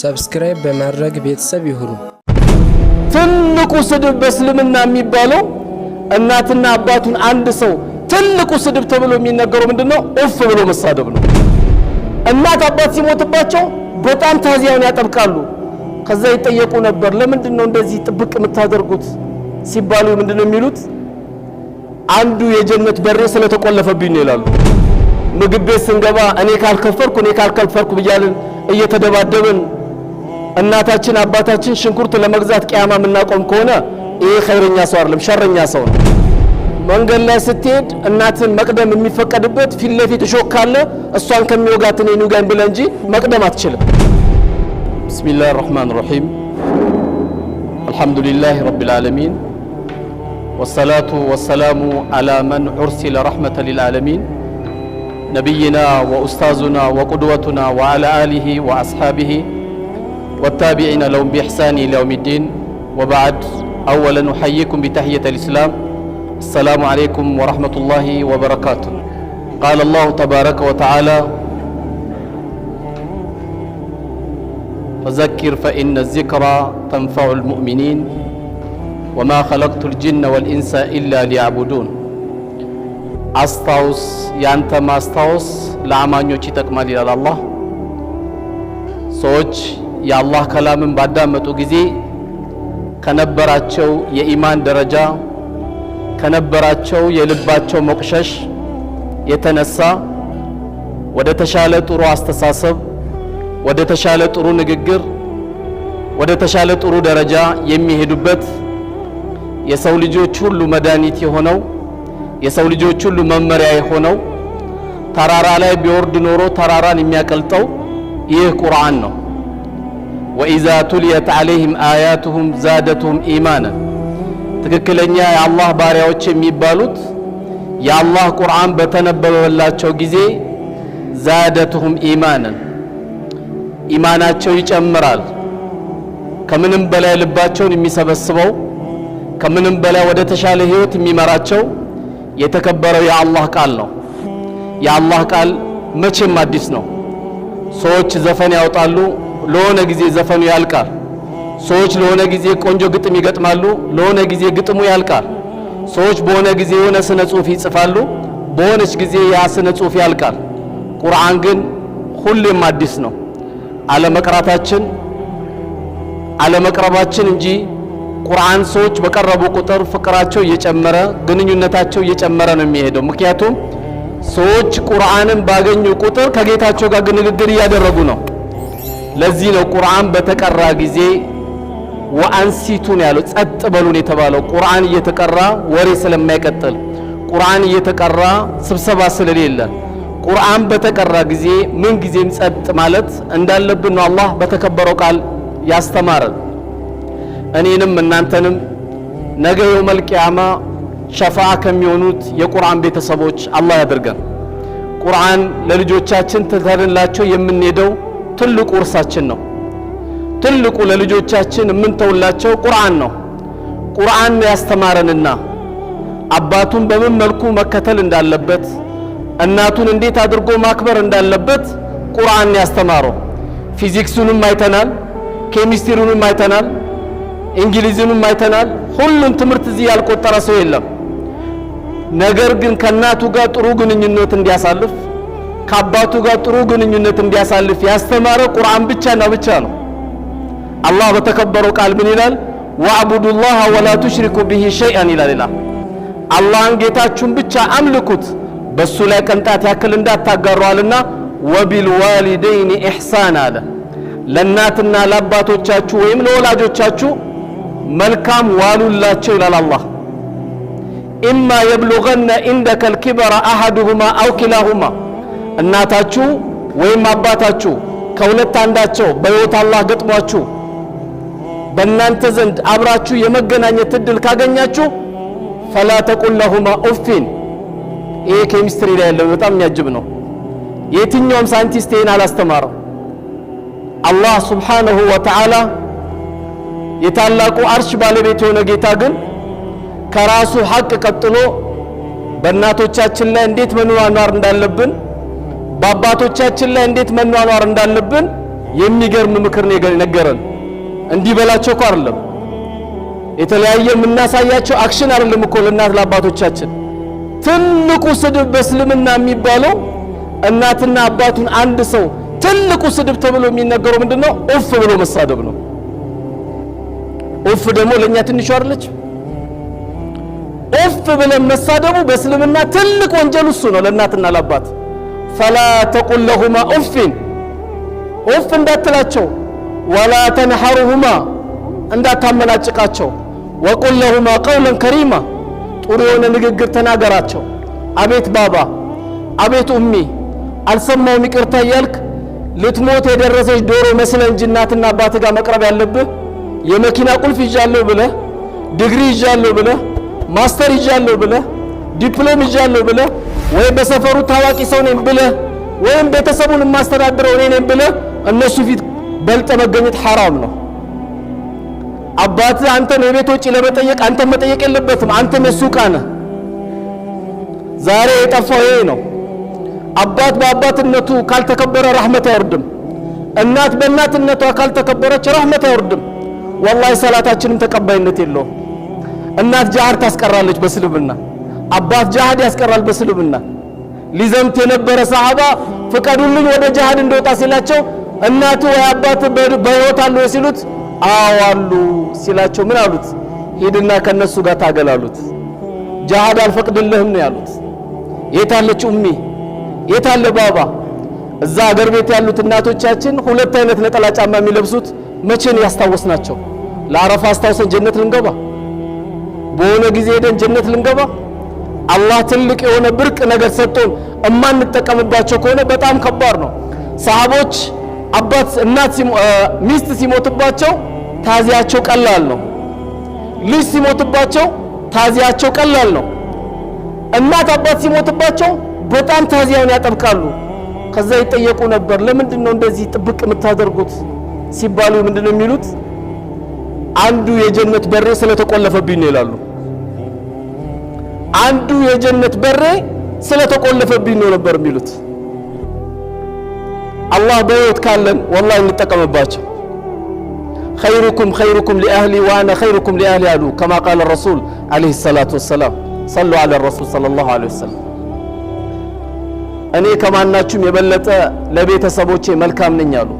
ሰብስክራይብ በማድረግ ቤተሰብ ይሁኑ። ትልቁ ስድብ በእስልምና የሚባለው እናትና አባቱን አንድ ሰው ትልቁ ስድብ ተብሎ የሚነገረው ምንድነው ነው? እፍ ብሎ መሳደብ ነው። እናት አባት ሲሞትባቸው በጣም ታዚያን ያጠብቃሉ። ከዛ ይጠየቁ ነበር፣ ለምንድን ነው እንደዚህ ጥብቅ የምታደርጉት ሲባሉ ምንድነው የሚሉት? አንዱ የጀነት በሬ ስለተቆለፈብኝ ነው ይላሉ። ምግብ ቤት ስንገባ እኔ ካልከፈርኩ እኔ ካልከፈርኩ ብያልን እየተደባደብን እናታችን አባታችን ሽንኩርት ለመግዛት ቅያማ የምናቆም ከሆነ ይሄ ኸይረኛ ሰው አይደለም፣ ሸረኛ ሰው ነው። መንገድ ላይ ስትሄድ እናትን መቅደም የሚፈቀድበት ፊት ለፊት እሾክ ካለ እሷን ከሚወጋት እኔን ይውጋኝ ብለህ እንጂ መቅደም አትችልም። ብስሚላህ ራህማን ራሒም አልሐምዱሊላህ ረቢል ዓለሚን ወሰላቱ ወሰላሙ አላ መን ዑርሲለ ረሕመተ ሊልዓለሚን ነቢይና ወኡስታዙና ወቁድወቱና ወዓላ አሊሂ ወአስሓቢሂ والتابعين لهم بإحسان إلى يوم الدين وبعد أولا أحييكم بتحية الإسلام السلام عليكم ورحمة الله وبركاته قال الله تبارك وتعالى فذكر فإن الذكرى تنفع المؤمنين وما خلقت الجن والإنس إلا ليعبدون أستاوس ما أستاوس ማስታወስ ለአማኞች ይጠቅማል ይላል አላህ سوچ የአላህ ከላምን ባዳመጡ ጊዜ ከነበራቸው የኢማን ደረጃ ከነበራቸው የልባቸው መቁሸሽ የተነሳ ወደ ተሻለ ጥሩ አስተሳሰብ፣ ወደ ተሻለ ጥሩ ንግግር፣ ወደ ተሻለ ጥሩ ደረጃ የሚሄዱበት የሰው ልጆች ሁሉ መድኃኒት የሆነው የሰው ልጆች ሁሉ መመሪያ የሆነው ተራራ ላይ ቢወርድ ኖሮ ተራራን የሚያቀልጠው ይህ ቁርአን ነው። ወኢዛ ቱልየት ዓለይህም አያቱሁም ዛደቱሁም ኢማናን ትክክለኛ የአላህ ባሪያዎች የሚባሉት የአላህ ቁርአን በተነበበላቸው ጊዜ ዛደትሁም ኢማንን ኢማናቸው ይጨምራል። ከምንም በላይ ልባቸውን የሚሰበስበው ከምንም በላይ ወደ ተሻለ ህይወት የሚመራቸው የተከበረው የአላህ ቃል ነው። የአላህ ቃል መቼም አዲስ ነው። ሰዎች ዘፈን ያወጣሉ ለሆነ ጊዜ ዘፈኑ ያልቃል። ሰዎች ለሆነ ጊዜ ቆንጆ ግጥም ይገጥማሉ፣ ለሆነ ጊዜ ግጥሙ ያልቃል። ሰዎች በሆነ ጊዜ የሆነ ስነ ጽሁፍ ይጽፋሉ፣ በሆነች ጊዜ ያ ስነ ጽሁፍ ያልቃል። ቁርአን ግን ሁሌም አዲስ ነው። አለመቅራታችን አለመቅረባችን እንጂ ቁርአን ሰዎች በቀረቡ ቁጥር ፍቅራቸው እየጨመረ ግንኙነታቸው እየጨመረ ነው የሚሄደው። ምክንያቱም ሰዎች ቁርአንን ባገኙ ቁጥር ከጌታቸው ጋር ንግግር እያደረጉ ነው። ለዚህ ነው ቁርአን በተቀራ ጊዜ ወአንሲቱን ያለው ጸጥ በሉን የተባለው። ቁርአን እየተቀራ ወሬ ስለማይቀጥል፣ ቁርአን እየተቀራ ስብሰባ ስለሌለ፣ ቁርአን በተቀራ ጊዜ ምን ጊዜም ጸጥ ማለት እንዳለብን ነው አላህ በተከበረው ቃል ያስተማረን። እኔንም እናንተንም ነገ የውመል ቂያማ ሸፋዓ ከሚሆኑት የቁርአን ቤተሰቦች አላህ ያድርገን። ቁርአን ለልጆቻችን ትተንላቸው የምንሄደው ትልቁ ውርሳችን ነው። ትልቁ ለልጆቻችን የምንተውላቸው ቁርአን ነው። ቁርአን ያስተማረንና አባቱን በምን መልኩ መከተል እንዳለበት፣ እናቱን እንዴት አድርጎ ማክበር እንዳለበት ቁርአን ያስተማረው። ፊዚክሱንም አይተናል፣ ኬሚስትሪውንም አይተናል፣ እንግሊዝንም አይተናል። ሁሉን ትምህርት እዚህ ያልቆጠረ ሰው የለም። ነገር ግን ከእናቱ ጋር ጥሩ ግንኙነት እንዲያሳልፍ ከአባቱ ጋር ጥሩ ግንኙነት እንዲያሳልፍ ያስተማረ ቁርአን ብቻና ብቻ ነው። አላህ በተከበረው ቃል ምን ይላል? ወአቡዱላህ ወላ ቱሽሪኩ ቢሂ ሸይአን ይላል ይላል አላህን ጌታችሁን ብቻ አምልኩት በሱ ላይ ቅንጣት ያክል እንዳታጋሯልና ወቢልዋሊደይን ኢሕሳን አለ ለእናትና ለአባቶቻችሁ ወይም ለወላጆቻችሁ መልካም ዋሉላቸው ይላል አላህ ኢማ የብሉገነ ኢንደከ ልኪበራ አሐዱሁማ አው ኪላሁማ እናታችሁ ወይም አባታችሁ ከሁለት አንዳቸው በሕይወት አላህ ገጥሟችሁ በእናንተ ዘንድ አብራችሁ የመገናኘት እድል ካገኛችሁ ፈላ ተቁል ለሁማ ኡፊን። ይሄ ኬሚስትሪ ላይ ያለው በጣም የሚያጅብ ነው። የትኛውም ሳይንቲስት ይህን አላስተማረው። አላህ ሱብሓነሁ ወተዓላ የታላቁ አርሽ ባለቤት የሆነ ጌታ ግን ከራሱ ሐቅ ቀጥሎ በእናቶቻችን ላይ እንዴት መኗኗር እንዳለብን በአባቶቻችን ላይ እንዴት መኗኗር እንዳለብን የሚገርም ምክር ነገረን። እንዲህ በላቸው እኮ አይደለም የተለያየ የምናሳያቸው አክሽን አይደለም እኮ ለእናት ለአባቶቻችን። ትልቁ ስድብ በእስልምና የሚባለው እናትና አባቱን አንድ ሰው ትልቁ ስድብ ተብሎ የሚነገረው ምንድነው ኡፍ ብሎ መሳደብ ነው። ኡፍ ደግሞ ለእኛ ትንሹ አይደለች። ኡፍ ብለን መሳደቡ በእስልምና ትልቅ ወንጀል እሱ ነው ለእናትና ለአባት ፈላ ተቁል ለሁማ ኡፍን ኡፍ እንዳትላቸው፣ ወላ ተንሐሩሁማ እንዳታመናጭቃቸው፣ ወቁል ለሁማ ቀውለን ከሪማ ጥሩ የሆነ ንግግር ተናገራቸው። አቤት ባባ፣ አቤት ኡሚ፣ አልሰማውም ይቅርታ እያልክ ልትሞት የደረሰች ዶሮ መስለ እንጂ እናትና አባት ጋር መቅረብ ያለብህ የመኪና ቁልፍ ይዣለሁ ብለ፣ ዲግሪ ይዣለሁ ብለ፣ ማስተር ይዣለሁ ብለ ዲፕሎም ይዣለሁ ብለህ ወይ በሰፈሩ ታዋቂ ሰው ነኝ ብለህ ወይም ቤተሰቡን የማስተዳድረው እኔ ነኝ ብለህ እነሱ ፊት በልጠ መገኘት ሐራም ነው። አባትህ አንተን የቤት ወጪ ለመጠየቅ አንተን መጠየቅ የለበትም። አንተም የሱ ዕቃ ነህ። ዛሬ የጠፋው ይሄ ነው። አባት በአባትነቱ ካልተከበረ ራህመት አይወርድም። እናት በእናትነቷ ካልተከበረች ረህመት አይወርድም። ወላሂ ሰላታችንም ተቀባይነት የለውም። እናት ጃሃር ታስቀራለች በስልምና አባት ጃሃድ ያስቀራል በስልምና ሊዘምት የነበረ ሰሃባ ፍቀዱልኝ ወደ ጃሃድ እንደወጣ ሲላቸው እናቱ ወይ አባት በህይወት አሉ ሲሉት አዋሉ ሲላቸው ምን አሉት? ሂድና ከነሱ ጋር ታገል አሉት። ጃሃድ አልፈቅድልህም ነው ያሉት። የታለች ኡሚ የታለ ባባ? እዛ አገር ቤት ያሉት እናቶቻችን ሁለት አይነት ነጠላ ጫማ የሚለብሱት መቼን ያስታወስናቸው? ለአረፋ አስታውሰን ጀነት ልንገባ በሆነ ጊዜ ሄደን ጀነት ልንገባ አላህ ትልቅ የሆነ ብርቅ ነገር ሰጥቶን እማንጠቀምባቸው ከሆነ በጣም ከባድ ነው። ሰሃቦች አባት እናት ሚስት ሲሞትባቸው ታዚያቸው ቀላል ነው። ልጅ ሲሞትባቸው ታዚያቸው ቀላል ነው። እናት አባት ሲሞትባቸው በጣም ታዚያውን ያጠብቃሉ። ከዛ ይጠየቁ ነበር፣ ለምንድን ነው እንደዚህ ጥብቅ የምታደርጉት ሲባሉ ምንድን ነው የሚሉት? አንዱ የጀነት በር ስለተቆለፈብኝ ነው ይላሉ። አንዱ የጀነት በሬ ስለተቆለፈብኝ ነው ነበር የሚሉት። አላህ በሕይወት ካለን ወላሂ እንጠቀምባቸው። ኸይሩኩም ኸይሩኩም ሊአህሊ ዋነ ኸይሩኩም ሊአህሊ አሉ ከማ ቃለ ረሱል ዓለይሂ ሰላቱ ወሰላም ሰሉ ዐለ ረሱል ሰለላሁ ዐለይሂ ወሰለም። እኔ ከማናችሁም የበለጠ ለቤተሰቦቼ መልካም ነኝ አሉ።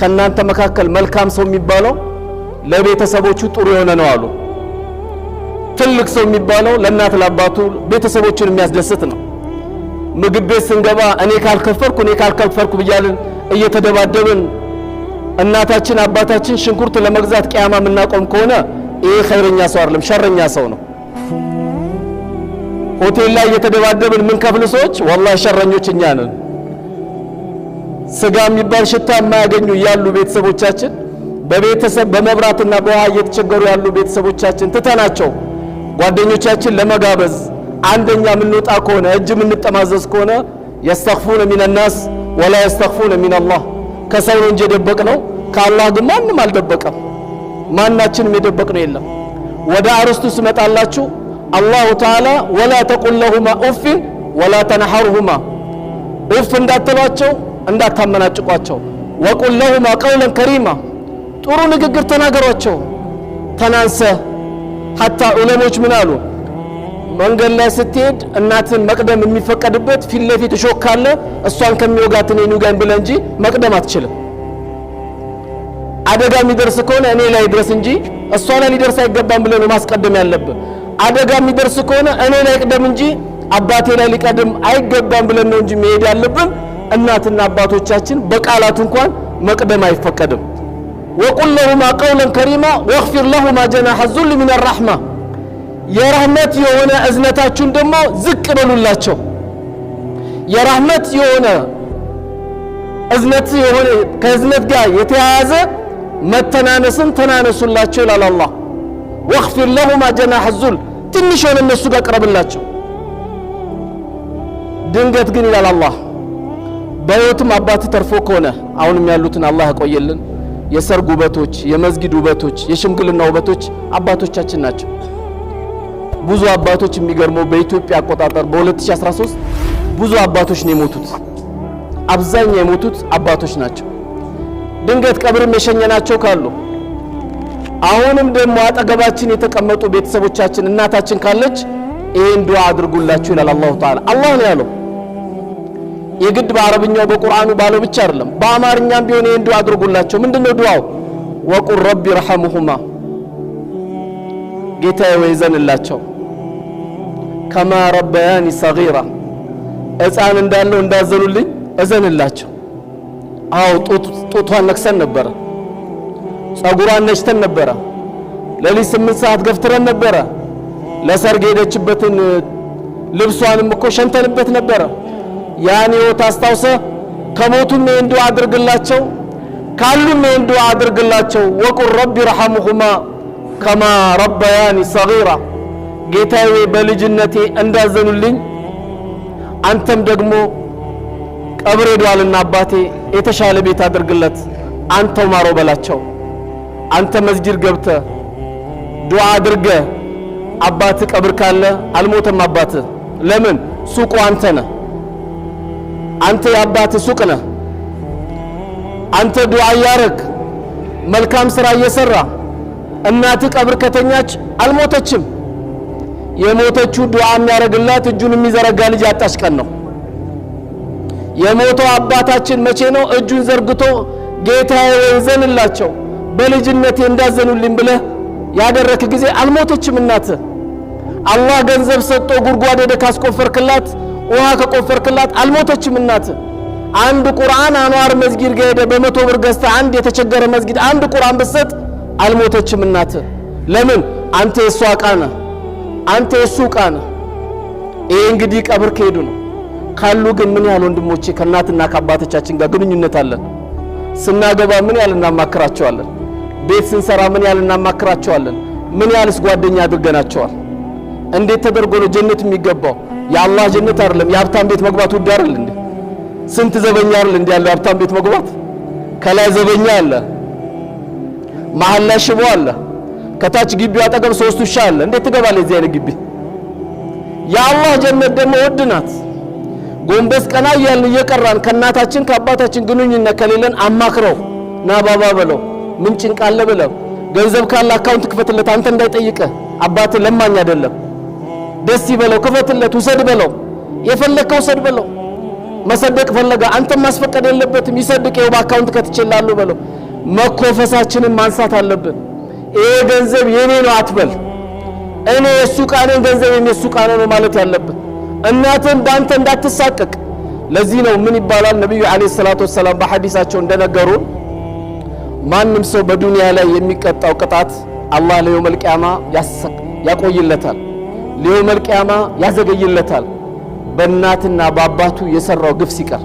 ከእናንተ መካከል መልካም ሰው የሚባለው ለቤተሰቦቹ ጥሩ የሆነ ነው አሉ። ትልቅ ሰው የሚባለው ለእናት ለአባቱ ቤተሰቦችን የሚያስደስት ነው። ምግብ ቤት ስንገባ እኔ ካልከፈልኩ እኔ ካልከፈርኩ ብያልን እየተደባደብን እናታችን አባታችን ሽንኩርት ለመግዛት ቅያማ የምናቆም ከሆነ ይሄ ኸይረኛ ሰው አይደለም፣ ሸረኛ ሰው ነው። ሆቴል ላይ እየተደባደብን ምን ከፍል ሰዎች ወላሂ ሸረኞች እኛ ነን። ስጋ የሚባል ሽታ የማያገኙ ያሉ ቤተሰቦቻችን በቤተሰብ በመብራትና በውሃ እየተቸገሩ ያሉ ቤተሰቦቻችን ትተናቸው ጓደኞቻችን ለመጋበዝ አንደኛ የምንወጣ ከሆነ እጅ የምንጠማዘዝ ከሆነ የስተኽፉነ ሚነናስ ወላ የስተኽፉነ ሚነላህ ከሰው ነው እንጂ ነው ከአላህ ግን ማንም አልደበቀም። ማናችንም ነው የለም። ወደ አርስቱ ስመጣላችሁ አላሁ ተዓላ ወላ ተቁል ለሁማ ኡፍን ወላ ተነሐርሁማ ኡፍ እንዳትሏቸው እንዳታመናጭቋቸው፣ ወቁል ለሁማ ቀውለን ከሪማ ጥሩ ንግግር ተናገሯቸው። ተናንሰ ሀታ ዑለሞች ምን አሉ? መንገድ ላይ ስትሄድ እናትን መቅደም የሚፈቀድበት ፊት ለፊት እሾክ እሷን ከሚወጋት እኔ ንውጋኝ ብለህ እንጂ መቅደም አትችልም። አደጋ የሚደርስ ከሆነ እኔ ላይ ድረስ እንጂ እሷ ላይ ሊደርስ አይገባም ብለህ ነው ማስቀደም ያለብን አደጋ የሚደርስ ከሆነ እኔ ላይ ቅደም እንጂ አባቴ ላይ ሊቀድም አይገባም ብለን ነው እንጂ መሄድ ያለብን። እናትና አባቶቻችን በቃላት እንኳን መቅደም አይፈቀድም። ወቁል ለሁማ ቀውለን ከሪማ ወግፊር ለሁማ ጀናሐ ዙል ሚን ራሕማ የራህመት የሆነ እዝነታችሁን ደግሞ ዝቅ በሉላቸው። የራህመት የሆነ እዝነት የሆነ ከእዝነት ጋር የተያያዘ መተናነስን ተናነሱላቸው ይላል አላህ። ወግፊር ለሁማ ጀናሐ ዙል ትንሽ የሆነ እነሱ ጋር ቅረብላቸው። ድንገት ግን ይላል አላህ በሕይወትም አባት ተርፎ ከሆነ አሁንም ያሉትን አላህ ያቆየልን የሰርግ ውበቶች፣ የመዝጊድ ውበቶች፣ የሽምግልና ውበቶች አባቶቻችን ናቸው። ብዙ አባቶች የሚገርመው በኢትዮጵያ አቆጣጠር በ2013 ብዙ አባቶች ነው የሞቱት። አብዛኛው የሞቱት አባቶች ናቸው። ድንገት ቀብርም የሸኘናቸው ካሉ አሁንም ደግሞ አጠገባችን የተቀመጡ ቤተሰቦቻችን እናታችን ካለች ይህን ዱዓ አድርጉላችሁ ይላል አላሁ ተዓላ አላህ ነው ያለው። የግድ በአረብኛው በቁርአኑ ባለው ብቻ አይደለም፣ በአማርኛም ቢሆን ይህን ዱዓ አድርጉላቸው። ምንድነው ዱዓው? ወቁል ረቢ ረሐሙሁማ ጌታዬ ወይ ዘንላቸው፣ ከማ ረበያኒ ሰጊራ ሕፃን እንዳለው እንዳዘኑልኝ እዘንላቸው። አዎ ጡቷን ነክሰን ነበረ፣ ጸጉሯን ነጭተን ነበረ፣ ሌሊት ስምንት ሰዓት ገፍትረን ነበረ፣ ለሰርግ ሄደችበትን ልብሷንም እኮ ሸንተንበት ነበረ። ያን ህይወት አስታውሰ ከሞቱም ይህን ዱዓ አድርግላቸው ካሉም ይህን ዱዓ አድርግላቸው። ወቁል ረቢ ረሐሙሁማ ከማ ረባያኒ ሰጊራ ጌታዬ በልጅነቴ እንዳዘኑልኝ አንተም ደግሞ ቀብሬ ዷልና አባቴ የተሻለ ቤት አድርግለት አንተው ማሮ በላቸው። አንተ መስጂድ ገብተ ዱዓ አድርገ አባት ቀብር ካለ አልሞተም አባት ለምን ሱቁ አንተ ነህ። አንተ የአባት ሱቅ ነህ። አንተ ዱዓ እያረግ መልካም ስራ እየሰራ እናት ቀብር ከተኛች አልሞተችም። የሞተችው ዱዓ የሚያደርግላት እጁን የሚዘረጋ ልጅ ያጣች ቀን ነው። የሞተው አባታችን መቼ ነው? እጁን ዘርግቶ ጌታዬ ይዘንላቸው በልጅነቴ እንዳዘኑልኝ ብለህ ያደረክ ጊዜ አልሞተችም እናት። አላህ ገንዘብ ሰጥቶ ጉድጓድ ወደ ካስቆፈርክላት ውሃ ከቆፈርክላት አልሞተችም እናት። አንድ ቁርአን አንዋር መስጊድ ከሄደ በመቶ ብር ገዝተ አንድ የተቸገረ መስጊድ አንድ ቁርአን ብትሰጥ አልሞተችም እናት። ለምን? አንተ የእሱ ዕቃ ነህ፣ አንተ የእሱ ዕቃ ነህ። ይሄ እንግዲህ ቀብር ከሄዱ ነው። ካሉ ግን ምን ያህል ወንድሞቼ ከእናትና ከአባቶቻችን ጋር ግንኙነት አለን? ስናገባ ምን ያህል እናማክራቸዋለን? ቤት ስንሰራ ምን ያህል እናማክራቸዋለን? ምን ያህልስ ጓደኛ አድርገናቸዋል? እንዴት ተደርጎ ነው ጀነት የሚገባው? የአላህ ጀነት አይደለም የሀብታም ቤት መግባት ውድ አይደል እንዴ? ስንት ዘበኛ አይደል እንዴ ያለው ሀብታም ቤት መግባት። ከላይ ዘበኛ አለ፣ መሀል ላይ ሽቦ አለ፣ ከታች ግቢው አጠገብ ሶስት ውሻ አለ። እንዴት ትገባለህ እዚህ አይነት ግቢ? የአላህ ጀነት ደግሞ ውድ ናት። ጎንበስ ቀና እያልን እየቀራን ከእናታችን ከአባታችን ግንኙነት ከሌለን አማክረው ና ባባ በለው ምን ጭንቃለ ብለው ገንዘብ ካለ አካውንት ክፈትለት አንተ እንዳይጠይቀ አባት ለማኝ አይደለም። ደስ ይበለው፣ ክፈትለት፣ ውሰድ በለው፣ የፈለከው ውሰድ በለው። መሰደቅ ፈለገ፣ አንተም ማስፈቀድ የለበትም ይሰድቅ፣ ይኸው በአካውንት ከትችላለሁ በለው። መኮፈሳችንን ማንሳት አለብን። ይሄ ገንዘብ የኔ ነው አትበል። እኔ የሱ ዕቃ ነኝ፣ ገንዘብ የሱ ዕቃ ነው ማለት ያለብን። እናትን በአንተ እንዳትሳቀቅ። ለዚህ ነው ምን ይባላል ነቢዩ ዓለይሂ ሰላቱ ወሰላም በሐዲሳቸው እንደነገሩ ማንም ሰው በዱንያ ላይ የሚቀጣው ቅጣት አላህ ለየውመል ቂያማ ያቆይለታል። ለየውመል ቂያማ ያዘገይለታል፣ በእናትና በአባቱ የሰራው ግፍ ሲቀር።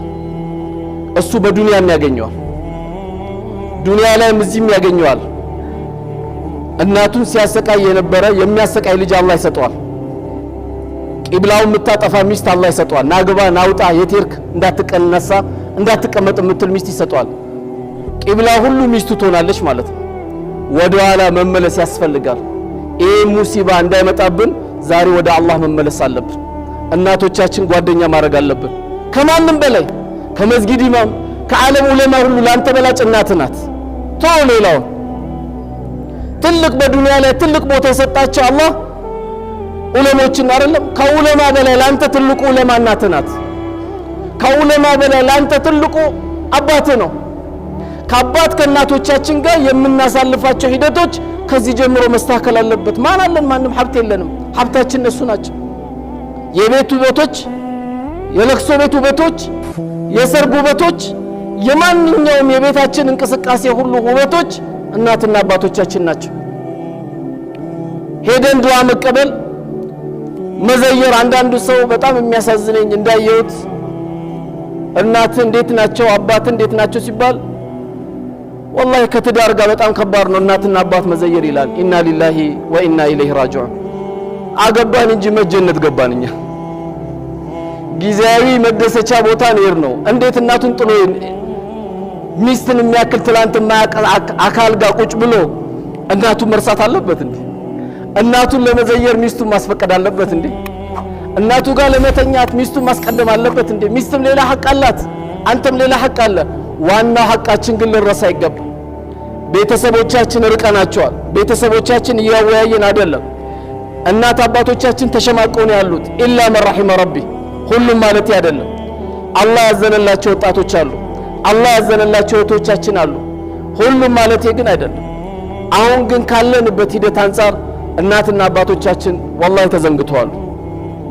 እሱ በዱንያም ያገኘዋል፣ ዱንያ ላይም እዚህም ያገኘዋል። እናቱን ሲያሰቃይ የነበረ የሚያሰቃይ ልጅ አላህ ይሰጠዋል። ቂብላውን የምታጠፋ ሚስት አላህ ይሰጠዋል። ናግባ ናውጣ የቴርክ እንዳትቀነሳ እንዳትቀመጥ የምትል ሚስት ይሰጠዋል። ቂብላ ሁሉ ሚስቱ ትሆናለች ማለት ነው። ወደኋላ መመለስ ያስፈልጋል። ይህ ሙሲባ እንዳይመጣብን ዛሬ ወደ አላህ መመለስ አለብን። እናቶቻችን ጓደኛ ማድረግ አለብን። ከማንም በላይ ከመስጊድ ኢማም፣ ከዓለም ዑለማ ሁሉ ላንተ በላጭ እናት ናት። ቶ ሌላውን ትልቅ በዱንያ ላይ ትልቅ ቦታ የሰጣቸው አላህ ዑለሞችን አይደለም። ከዑለማ በላይ ላንተ ትልቁ ዑለማ እናት ናት። ከዑለማ በላይ ላንተ ትልቁ አባት ነው። ከአባት ከእናቶቻችን ጋር የምናሳልፋቸው ሂደቶች ከዚህ ጀምሮ መስተካከል አለበት። ማን አለን? ማንም ሀብት የለንም። ሀብታችን እነሱ ናቸው። የቤት ውበቶች፣ የለቅሶ ቤት ውበቶች፣ የሰርግ ውበቶች፣ የማንኛውም የቤታችን እንቅስቃሴ ሁሉ ውበቶች እናትና አባቶቻችን ናቸው። ሄደን ድዋ መቀበል መዘየር። አንዳንዱ ሰው በጣም የሚያሳዝነኝ እንዳየሁት እናት እንዴት ናቸው አባት እንዴት ናቸው ሲባል ወላሂ ከትዳር ጋር በጣም ከባድ ነው እናትና አባት መዘየር ይላል። ኢና ሊላሂ ወኢና ኢለይሂ ራጂዑን። አገባን እንጂ መጀነት ገባን። እኛ ጊዜያዊ መደሰቻ ቦታ ነር ነው። እንዴት እናቱን ጥሎ ሚስትን የሚያክል ትላንት የማያውቅ አካል ጋር ቁጭ ብሎ እናቱን መርሳት አለበት እንዴ? እናቱን ለመዘየር ሚስቱን ማስፈቀድ አለበት እንዴ? እናቱ ጋር ለመተኛት ሚስቱን ማስቀደም አለበት እንዴ? ሚስትም ሌላ ሀቅ አላት፣ አንተም ሌላ ሀቅ አለ። ዋናው ሀቃችን ግን ልንረሳ አይገባ። ቤተሰቦቻችን ርቀናቸዋል። ቤተሰቦቻችን እያወያየን አይደለም እናት አባቶቻችን ተሸማቀው ነው ያሉት። ኢላ መን ረቢ ሁሉም ማለት አይደለም። አላህ ያዘነላቸው ወጣቶች አሉ። አላህ ያዘነላቸው እህቶቻችን አሉ። ሁሉም ማለት ግን አይደለም። አሁን ግን ካለንበት ሂደት አንጻር እናትና አባቶቻችን ወላሂ ተዘንግተዋል።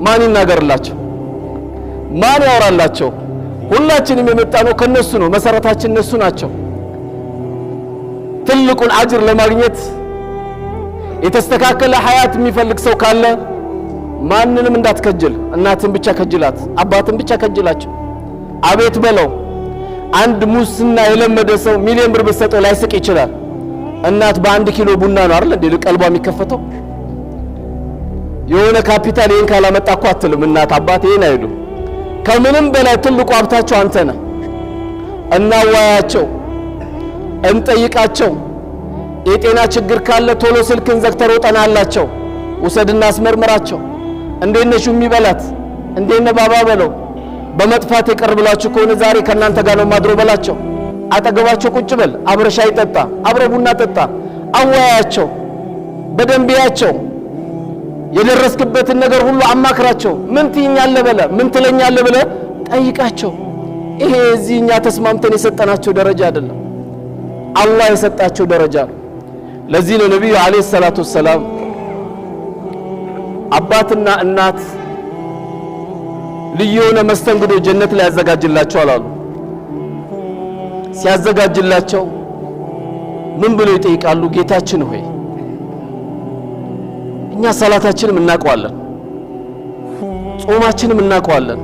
ማን ይናገርላቸው? ማን ያወራላቸው? ሁላችንም የመጣነው ከነሱ ነው። መሰረታችን እነሱ ናቸው። ትልቁን አጅር ለማግኘት የተስተካከለ ሀያት የሚፈልግ ሰው ካለ ማንንም እንዳትከጅል። እናትን ብቻ ከጅላት፣ አባትን ብቻ ከጅላቸው፣ አቤት በለው። አንድ ሙስና የለመደ ሰው ሚሊዮን ብር ብትሰጠው ላይስቅ ይችላል። እናት በአንድ ኪሎ ቡና ነው አይደል እንዴ ቀልቧ የሚከፈተው? የሆነ ካፒታል ይሄን ካላመጣ እኮ አትልም እናት አባት ይሄን አይሉ። ከምንም በላይ ትልቁ ሀብታቸው አንተ ነህ። እናዋያቸው፣ እንጠይቃቸው የጤና ችግር ካለ ቶሎ ስልክን ዘግተው ሮጠን አላቸው። ውሰድና አስመርምራቸው። እንዴት ነሽ የሚበላት እንዴት ነህ ባባ በለው። በመጥፋት ይቅር ከሆነ ዛሬ ከእናንተ ጋር ነው ማድሮ በላቸው። አጠገባቸው ቁጭ በል፣ አብረ ሻይ ጠጣ፣ አብረ ቡና ጠጣ፣ አወያያቸው፣ በደንብያቸው የደረስክበትን ነገር ሁሉ አማክራቸው። ምን ትይኛለህ በለ፣ ምን ትለኛለ ብለ ጠይቃቸው። ይሄ እዚህ እኛ ተስማምተን የሰጠናቸው ደረጃ አይደለም፣ አላህ የሰጣቸው ደረጃ ነው። ለዚህ ነው ነቢዩ ዓለይሂ ሰላቱ ወሰላም አባትና እናት ልዩ የሆነ መስተንግዶ ጀነት ላይ ያዘጋጅላቸው አሉ። ሲያዘጋጅላቸው ምን ብለው ይጠይቃሉ? ጌታችን ሆይ እኛ ሰላታችንም እናውቀዋለን፣ ጾማችንም እናውቀዋለን።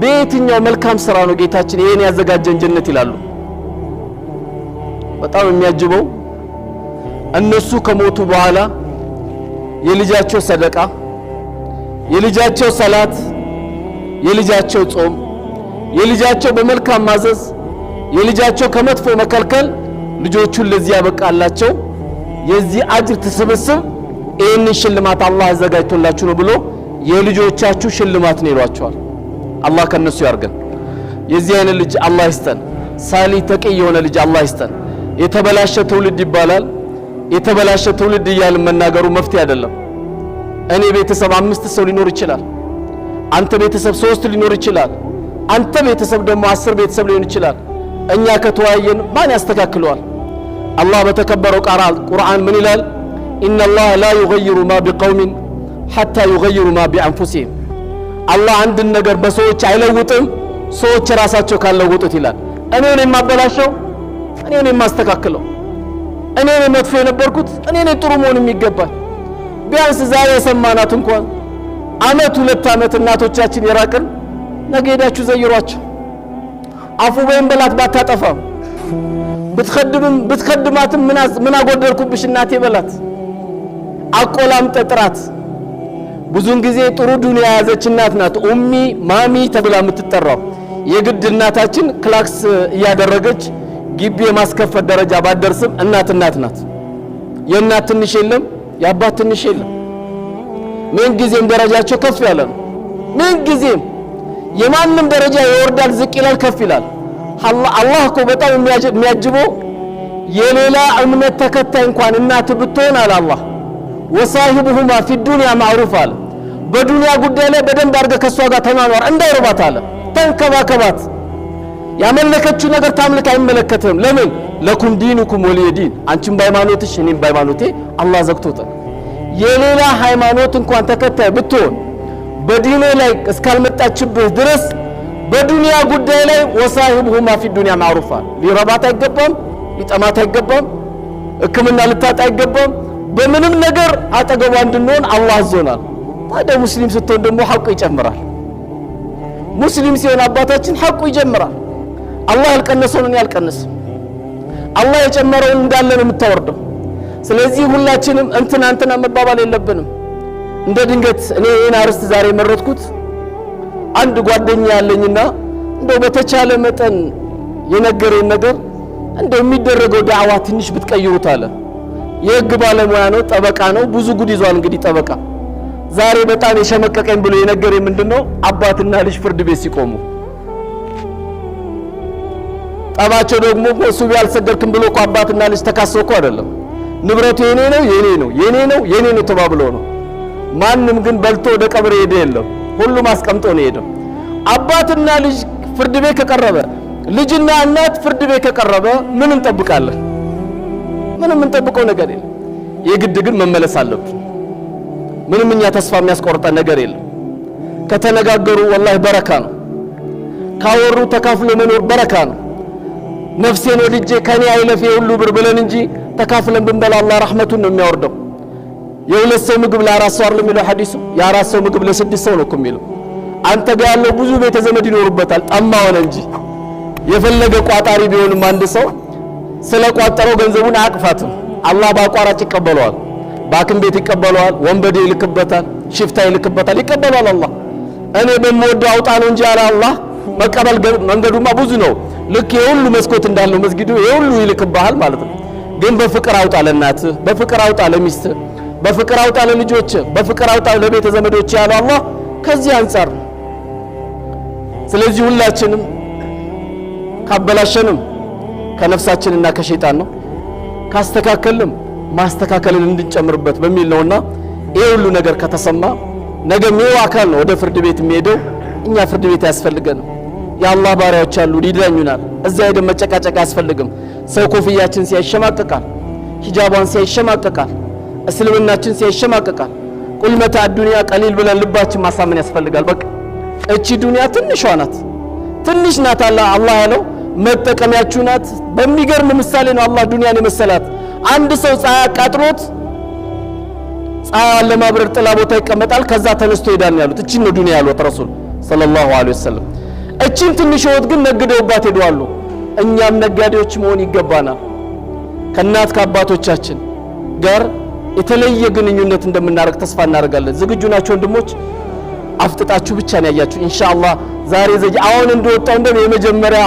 በየትኛው መልካም ስራ ነው ጌታችን ይሄን ያዘጋጀን ጀነት ይላሉ። በጣም የሚያጅበው እነሱ ከሞቱ በኋላ የልጃቸው ሰደቃ፣ የልጃቸው ሰላት፣ የልጃቸው ጾም፣ የልጃቸው በመልካም ማዘዝ፣ የልጃቸው ከመጥፎ መከልከል ልጆቹን ለዚህ ያበቃላቸው የዚህ አጅር ትስብስብ ይህንን ሽልማት አላህ አዘጋጅቶላችሁ ነው ብሎ የልጆቻችሁ ሽልማት ነው ይሏቸዋል። አላህ ከነሱ ያርገን። የዚህ አይነት ልጅ አላህ ይስጠን። ሳሊ ተቂ የሆነ ልጅ አላህ ይስጠን። የተበላሸ ትውልድ ይባላል። የተበላሸ ትውልድ እያልን መናገሩ መፍትሄ አይደለም። እኔ ቤተሰብ አምስት ሰው ሊኖር ይችላል። አንተ ቤተሰብ ሶስት ሊኖር ይችላል። አንተ ቤተሰብ ደግሞ አስር ቤተሰብ ሊሆን ይችላል። እኛ ከተወያየን ማን ያስተካክለዋል? አላህ በተከበረው ቁርአን ምን ይላል? ኢነላህ ላ ዩገይሩ ማ ቢቀውሚን ሐታ ዩገይሩ ማ ቢአንፉሲሂም አላህ አንድን ነገር በሰዎች አይለውጥም ሰዎች ራሳቸው ካልለወጡት ይላል። እኔ ነው የማበላሸው፣ እኔ ነው የማስተካክለው። እኔ ነኝ መጥፎ የነበርኩት፣ እኔ ነኝ ጥሩ መሆን የሚገባኝ። ቢያንስ ዛሬ የሰማናት እንኳን አመት ሁለት አመት እናቶቻችን የራቅን ነገ ሄዳችሁ ዘይሯቸው አፉ ወይም በላት ባታጠፋ ብትከድምም ብትከድማትም ምን አጎደልኩብሽ እናቴ በላት። አቆላም ጠጥራት ብዙን ጊዜ ጥሩ ዱንያ የያዘች እናት ናት ኡሚ ማሚ ተብላ የምትጠራው የግድ እናታችን ክላክስ እያደረገች ግቢ የማስከፈት ደረጃ ባደርስም እናት እናት ናት። የእናት ትንሽ የለም፣ የአባት ትንሽ የለም። ምን ጊዜም ደረጃቸው ከፍ ያለ ነው። ምን ጊዜም የማንም ደረጃ ይወርዳል፣ ዝቅ ይላል፣ ከፍ ይላል። አላህ እኮ በጣም የሚያጅበው የሌላ እምነት ተከታይ እንኳን እናት ብትሆን አለ አላህ ወሳሂብሁማ ፊ ዱንያ ማዕሩፍ አለ። በዱንያ ጉዳይ ላይ በደንብ አድርገ ከእሷ ጋር ተማማር፣ እንዳይርባት አለ፣ ተንከባከባት ያመለከችው ነገር ታምልክ አይመለከትም። ለምን ለኩም ዲኑኩም ወሊየ ዲን፣ አንቺም በሃይማኖትሽ እኔም በሃይማኖቴ አላህ ዘግቶታል። የሌላ ሃይማኖት እንኳን ተከታይ ብትሆን በዲኑ ላይ እስካልመጣችብህ ድረስ በዱንያ ጉዳይ ላይ ወሳሂብሁማ ፊ ዱንያ ማዕሩፋ፣ ሊረባት አይገባም፣ ሊጠማት አይገባም፣ ሕክምና ልታጣ አይገባም። በምንም ነገር አጠገቧ እንድንሆን አላህ አዞናል። ታዲያ ሙስሊም ስትሆን ደግሞ ሐቁ ይጨምራል። ሙስሊም ሲሆን አባታችን ሐቁ ይጀምራል። አላህ ያልቀነሰውን እኔ አልቀነስም። አላህ የጨመረውን እንዳለ ነው የምታወርደው። ስለዚህ ሁላችንም እንትና እንትና መባባል የለብንም። እንደ ድንገት እኔ ይህን አርዕስት ዛሬ የመረጥኩት አንድ ጓደኛ ያለኝና እንደው በተቻለ መጠን የነገረኝ ነገር እንደው የሚደረገው ዳዕዋ ትንሽ ብትቀይሩት አለ። የህግ ባለሙያ ነው፣ ጠበቃ ነው። ብዙ ጉድ ይዟል። እንግዲህ ጠበቃ ዛሬ በጣም የሸመቀቀኝ ብሎ የነገረኝ ምንድን ነው አባትና ልጅ ፍርድ ቤት ሲቆሙ ጠባቸው ደግሞ እኮ ቢያልሰገድክም ብሎ እኮ አባትና ልጅ ተካሰው እኮ አይደለም። ንብረቱ የኔ ነው የኔ ነው የኔ ነው የኔ ነው ተባብሎ ነው። ማንም ግን በልቶ ወደ ቀብር ሄደ የለም። ሁሉም አስቀምጦ ነው ሄደው። አባትና ልጅ ፍርድ ቤት ከቀረበ ልጅና እናት ፍርድ ቤት ከቀረበ ምን እንጠብቃለን? ምንም እንጠብቀው ነገር የለም። የግድ ግን መመለስ አለብን። ምንም እኛ ተስፋ የሚያስቆርጠን ነገር የለም። ከተነጋገሩ ወላሂ በረካ ነው። ካወሩ ተካፍሎ መኖር በረካ ነው። ነፍሴን ወድጄ ከኔ አይለፍ የሁሉ ብር ብለን እንጂ ተካፍለን ብንበላ አላ ረህመቱን ነው የሚያወርደው። የሁለት ሰው ምግብ ለአራት ሰው አይደለም የሚለው ሐዲሱ፣ የአራት ሰው ምግብ ለስድስት ሰው ነው እኮ የሚለው። አንተ ጋር ያለው ብዙ ቤተ ዘመድ ይኖሩበታል። ጠማ ሆነ እንጂ የፈለገ ቋጣሪ ቢሆንም አንድ ሰው ስለ ቋጠረው ገንዘቡን አያቅፋትም። አላህ በአቋራጭ ይቀበለዋል፣ በሐኪም ቤት ይቀበለዋል፣ ወንበዴ ይልክበታል፣ ሽፍታ ይልክበታል፣ ይቀበለዋል። አላህ እኔ በምወደው አውጣ ነው እንጂ ያለ አላህ መቀበል መንገዱማ ብዙ ነው። ልክ የሁሉ መስኮት እንዳለው መስጊዱ የሁሉ ይልክብሃል ማለት ነው። ግን በፍቅር አውጣ ለናት በፍቅር አውጣ ለሚስትህ፣ በፍቅር አውጣ ለልጆች፣ በፍቅር አውጣ ለቤተ ዘመዶች ያለው አላህ ከዚህ አንጻር ነው። ስለዚህ ሁላችንም ካበላሸንም ከነፍሳችንና ከሸይጣን ነው፣ ካስተካከልንም ማስተካከልን እንድንጨምርበት በሚል ነውና ይሄ ሁሉ ነገር ከተሰማ ነገ ሜው አካል ነው ወደ ፍርድ ቤት የሚሄደው። እኛ ፍርድ ቤት አያስፈልገንም። የአላህ ባሪያዎች አሉ ይድረኙናል። እዛ ሄደን መጨቃጨቅ አያስፈልግም። ሰው ኮፍያችን ሲያይ ሂጃቧን ሲያይ እስልምናችን ሲያይ ቁል ቁልመታ ዱንያ ቀሊል ብለን ልባችን ማሳመን ያስፈልጋል። በቃ እቺ ዱንያ ትንሿ ናት፣ ትንሽ ናት። አላ አላህ ያለው መጠቀሚያችሁ ናት። በሚገርም ምሳሌ ነው አላህ ዱንያን የመሰላት። አንድ ሰው ፀሐይ አቃጥሎት ፀሐይዋን ለማብረር ጥላ ቦታ ይቀመጣል። ከዛ ተነስቶ ይሄዳል ያሉት እቺ ነው ዱንያ ያሉት ረሱል ሰለላሁ ዐለይሂ ወሰለም እቺን ትንሽ ህይወት ግን ነግደውባት ሄደዋሉ። እኛም ነጋዴዎች መሆን ይገባናል። ከእናት ከአባቶቻችን ጋር የተለየ ግንኙነት እንደምናደርግ ተስፋ እናደርጋለን። ዝግጁ ናቸው ወንድሞች? አፍጥጣችሁ ብቻ ነው ያያችሁ። ኢንሻአላህ ዛሬ ዘይ አሁን እንደወጣው እንደም የመጀመሪያ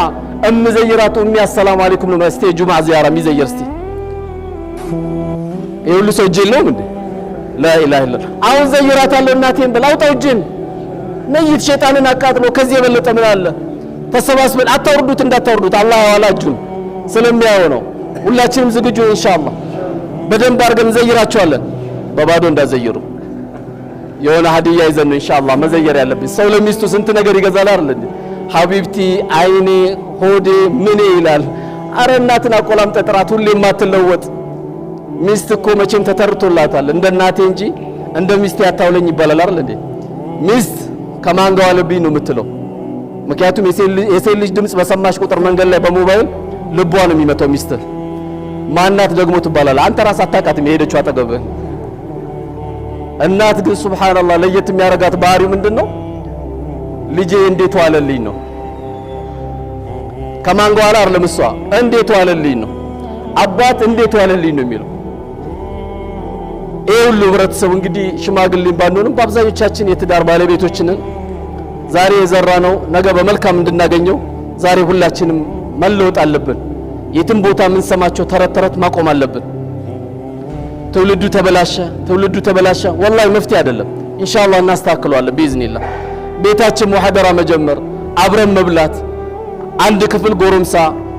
እምዘይራቱ እሚ አሰላሙ አለይኩም ነው ስቴ ጁማ ዚያራ ሚዘይር እስቲ ይሁሉ ሰው ጅል ነው እንዴ? ላ ኢላሃ ኢላላህ አሁን ዘይራታለሁ እናቴን ብላውጣው ጅን ነይት ሸይጣንን አቃጥሎ ከዚህ የበለጠ ምን አለ? ተሰባስበን አታውርዱት፣ እንዳታወርዱት አላህ ያዋላችሁን ስለሚያዩ ነው። ሁላችንም ዝግጁ ኢንሻአላህ በደንብ አድርገን እንዘይራቸዋለን። በባዶ እንዳዘይሩ የሆነ ሀዲያ ይዘን ነው ኢንሻአላህ መዘየር ያለብኝ። ሰው ለሚስቱ ስንት ነገር ይገዛል አይደል እንዴ? ሀቢብቲ አይኔ፣ ሆዴ፣ ምኔ ይላል። አረ እናትን አቆላምጠ ጥራት ሁሌ የማትለወጥ ሚስት እኮ መቼም ተተርቶላታል። እንደ እናቴ እንጂ እንደ ሚስቴ አታውለኝ ይባላል አይደል እንዴ? ሚስት ከማን ጋር ዋለብኝ ነው የምትለው። ምክንያቱም የሴት ልጅ ድምፅ በሰማሽ ቁጥር መንገድ ላይ በሞባይል ልቧ ነው የሚመታው። ሚስትህ ማናት ደግሞ ትባላል። አንተ ራስ አታውቃትም የሄደችው አጠገብ እናት ግን ሱብሃንአላህ ለየት የሚያደርጋት ባህሪው ምንድን ነው? ልጄ እንዴት ዋለልኝ ነው። ከማን ጋር ዋለ አይደለም እሷ እንዴት ዋለልኝ ነው። አባት እንዴት ዋለልኝ ነው የሚለው ይህ ሁሉ ህብረተሰቡ እንግዲህ ሽማግሌም ባንሆንም በአብዛኞቻችን የትዳር ባለቤቶችንን ዛሬ የዘራ ነው ነገ በመልካም እንድናገኘው ዛሬ ሁላችንም መለወጥ አለብን። የትም ቦታ የምንሰማቸው ተረት ተረት ማቆም አለብን። ትውልዱ ተበላሸ፣ ትውልዱ ተበላሸ። ወላሂ መፍትሄ አይደለም። ኢንሻአላህ እናስተካክለዋለን ቢዝኒላህ። ቤታችን ሙሐደራ መጀመር፣ አብረን መብላት፣ አንድ ክፍል ጎረምሳ፣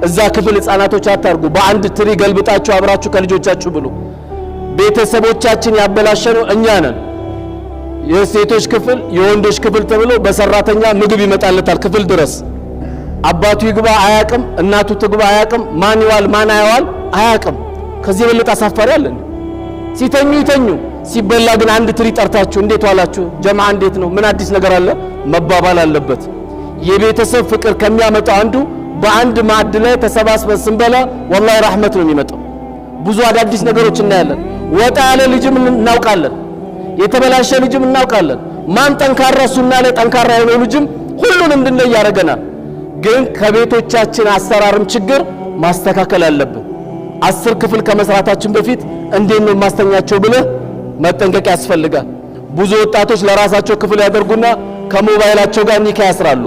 እዛ ክፍል ህፃናቶች አታርጉ፣ በአንድ ትሪ ገልብጣችሁ አብራችሁ ከልጆቻችሁ ብሉ። ቤተሰቦቻችን ያበላሸነው እኛ ነን። የሴቶች ክፍል፣ የወንዶች ክፍል ተብሎ በሰራተኛ ምግብ ይመጣለታል ክፍል ድረስ። አባቱ ይግባ አያቅም፣ እናቱ ትግባ አያቅም፣ ማን ይዋል ማን አያዋል አያቅም። ከዚህ የበለጠ አሳፋሪ አለ? ሲተኙ ይተኙ፣ ሲበላ ግን አንድ ትሪ ጠርታችሁ እንዴት ዋላችሁ፣ ጀማ እንዴት ነው፣ ምን አዲስ ነገር አለ መባባል አለበት። የቤተሰብ ፍቅር ከሚያመጣው አንዱ በአንድ ማዕድ ላይ ተሰባስበን ስንበላ ወላሂ ረህመት ነው የሚመጣው። ብዙ አዳዲስ ነገሮች እናያለን። ወጣ ያለ ልጅም እናውቃለን፣ የተበላሸ ልጅም እናውቃለን። ማን ጠንካራ እሱና ላይ ጠንካራ የሆነው ልጅም ሁሉን እንድንለይ ያደርገናል። ግን ከቤቶቻችን አሰራርም ችግር ማስተካከል አለብን። አስር ክፍል ከመስራታችን በፊት እንዴት ነው ማስተኛቸው ብለህ መጠንቀቅ ያስፈልጋል። ብዙ ወጣቶች ለራሳቸው ክፍል ያደርጉና ከሞባይላቸው ጋር ኒካ ያስራሉ።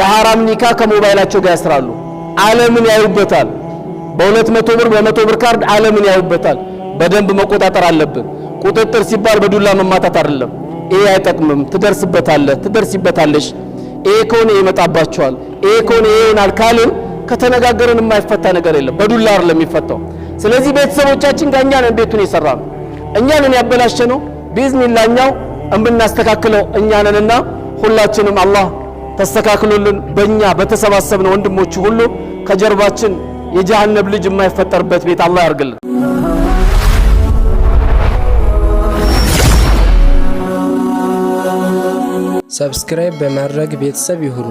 የሐራም ኒካ ከሞባይላቸው ጋር ያስራሉ። ዓለምን ያዩበታል። በሁለት መቶ ብር በመቶ ብር ካርድ ዓለምን ያዩበታል። በደንብ መቆጣጠር አለብን። ቁጥጥር ሲባል በዱላ መማታት አይደለም። ይሄ አይጠቅምም፣ ትደርስበታለህ፣ ትደርስበታለሽ፣ ይሄ ከሆነ ይመጣባቸዋል፣ ይሄ ከሆነ ይሄ ካልን ከተነጋገርን የማይፈታ ነገር የለም። በዱላ አይደለም የሚፈታው። ስለዚህ ቤተሰቦቻችን ጋር እኛ ነን ቤቱን የሰራ ነው፣ እኛ ነን ያበላሸ ነው። ቢዝኒላኛው እምናስተካክለው እኛ ነንና ሁላችንም አላህ ተስተካክሎልን በእኛ በተሰባሰብነው ወንድሞቹ ሁሉ ከጀርባችን የጀሃነብ ልጅ የማይፈጠርበት ቤት አላህ ያርግልን። ሰብስክራይብ በማድረግ ቤተሰብ ይሁኑ።